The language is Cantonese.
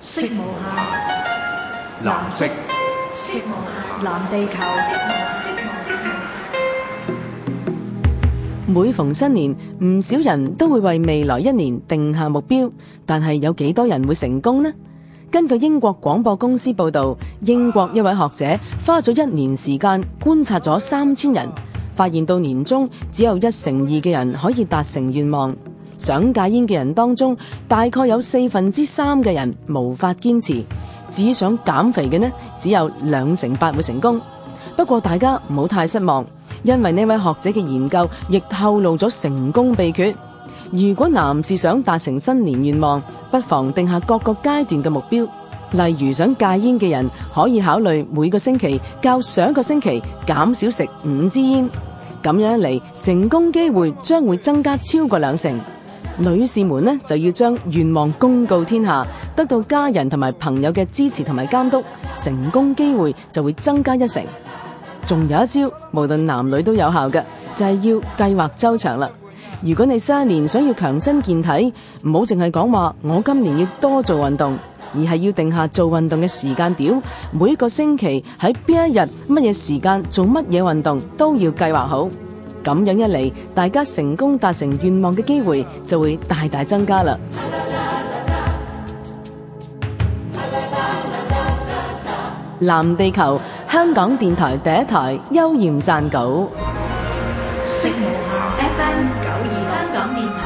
色無限，藍色。藍色無限，藍地球。每逢新年，唔少人都會為未來一年定下目標，但係有幾多人會成功呢？根據英國廣播公司報道，英國一位學者花咗一年時間觀察咗三千人，發現到年終只有一成二嘅人可以達成願望。想戒煙嘅人當中，大概有四分之三嘅人無法堅持；只想減肥嘅呢，只有兩成八會成功。不過大家唔好太失望，因為呢位學者嘅研究亦透露咗成功秘訣。如果男士想達成新年願望，不妨定下各個階段嘅目標，例如想戒煙嘅人可以考慮每個星期較上個星期減少食五支煙，咁樣一嚟，成功機會將會增加超過兩成。女士們呢就要將願望公告天下，得到家人同埋朋友嘅支持同埋監督，成功機會就會增加一成。仲有一招，無論男女都有效嘅，就係、是、要計劃周詳啦。如果你新一年想要強身健體，唔好淨係講話，我今年要多做運動，而係要定下做運動嘅時間表，每一個星期喺邊一日、乜嘢時間做乜嘢運動都要計劃好。咁樣一嚟，大家成功達成願望嘅機會就會大大增加啦！藍地球，香港電台第一台，邱焱撰稿，FM N 香港電台